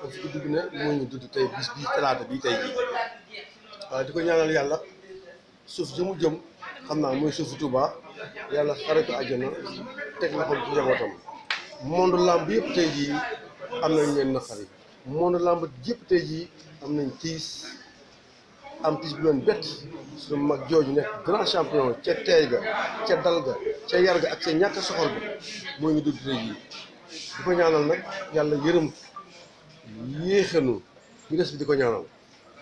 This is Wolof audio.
kon si guddi gi ne moo ñu dudd tey bis bii talaata bii tey jii waaye di ko ñaanal yàlla suuf jëmu jëm xam naa mooy suufu Touba yàlla xare ko àjjana teg la ko ci njabootam monde làmb yëpp tey jii am nañ leen naqari monde làmb yëpp tey jii am nañ tiis am tiis bu leen bett suñu mag jooju nekk grand champion ca teey ga ca dal ga ca yar ga ak ca ñàkk soxor ga moo ñu dudd tey jii di ñaanal nag yàlla yërëm yéexanu ñu des bi di